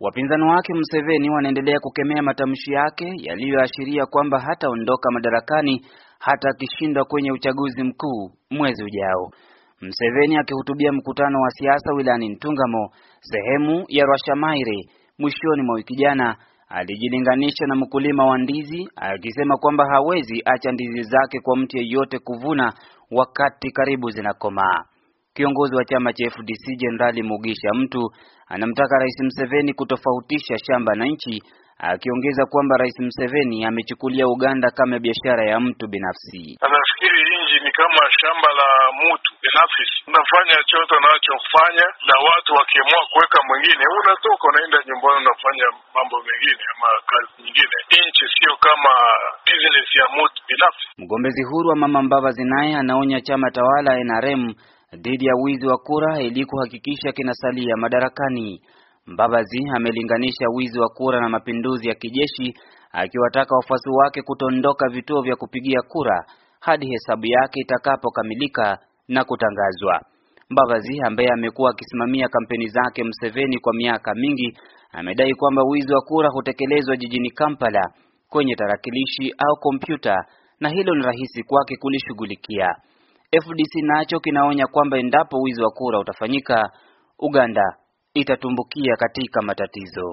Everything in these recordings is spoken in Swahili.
Wapinzani wake Museveni wanaendelea kukemea matamshi yake yaliyoashiria kwamba hataondoka madarakani hata akishindwa kwenye uchaguzi mkuu mwezi ujao. mseveni akihutubia mkutano wa siasa wilayani Ntungamo, sehemu ya Rwashamaire, mwishoni mwa wiki jana, alijilinganisha na mkulima wa ndizi akisema kwamba hawezi acha ndizi zake kwa mtu yeyote kuvuna wakati karibu zinakomaa. Kiongozi wa chama cha FDC Jenerali Mugisha Mtu anamtaka Rais Mseveni kutofautisha shamba na nchi, akiongeza kwamba Rais Mseveni amechukulia Uganda kama biashara ya mtu binafsi. Anafikiri nchi ni kama shamba la mtu binafsi, unafanya chote unachofanya, na watu wakiamua kuweka mwingine, unatoka unaenda nyumbani, unafanya mambo mengine ama kazi nyingine. Nchi sio kama business ya mtu binafsi. Mgombezi huru wa Mama Mbavazi naye anaonya chama tawala NRM dhidi ya wizi wa kura ili kuhakikisha kinasalia madarakani. Mbabazi amelinganisha wizi wa kura na mapinduzi ya kijeshi, akiwataka wafuasi wake kutondoka vituo vya kupigia kura hadi hesabu yake itakapokamilika na kutangazwa. Mbabazi ambaye amekuwa akisimamia kampeni zake mseveni kwa miaka mingi amedai kwamba wizi wa kura hutekelezwa jijini Kampala kwenye tarakilishi au kompyuta na hilo ni rahisi kwake kulishughulikia. FDC nacho kinaonya kwamba endapo wizi wa kura utafanyika, Uganda itatumbukia katika matatizo.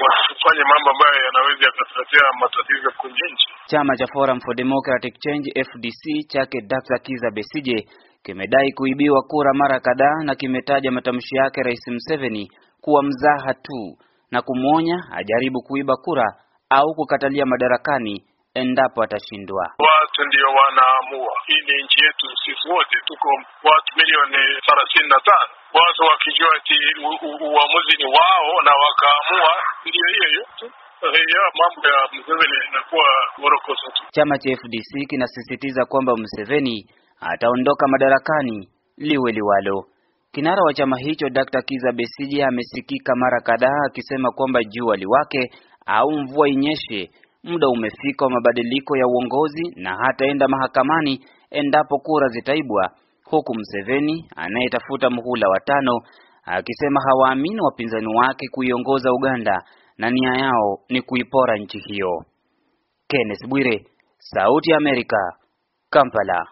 Wafanye mambo ambayo yanaweza yakatuletea matatizo kwenye nchi. Chama cha Forum for Democratic Change FDC chake Dr. Kiza Besije kimedai kuibiwa kura mara kadhaa na kimetaja matamshi yake Rais Museveni kuwa mzaha tu na kumwonya ajaribu kuiba kura au kukatalia madarakani endapo atashindwa. Watu ndio wanaamua. Hii ni nchi yetu, sisi wote tuko watu milioni thelathini na tano. Watu wakijua ati uamuzi ni wao na wakaamua, ndio hiyo hiyo tu. Mambo ya Museveni inakuwa morokoso tu. Chama cha FDC kinasisitiza kwamba Museveni ataondoka madarakani liwe liwalo. Kinara wa chama hicho Dr. Kiza Besije amesikika mara kadhaa akisema kwamba jua liwake au mvua inyeshe muda umefika wa mabadiliko ya uongozi na hataenda mahakamani endapo kura zitaibwa, huku Mseveni anayetafuta muhula wa tano akisema hawaamini wapinzani wake kuiongoza Uganda na nia yao ni kuipora nchi hiyo. Kenneth Bwire, Sauti ya Amerika, Kampala.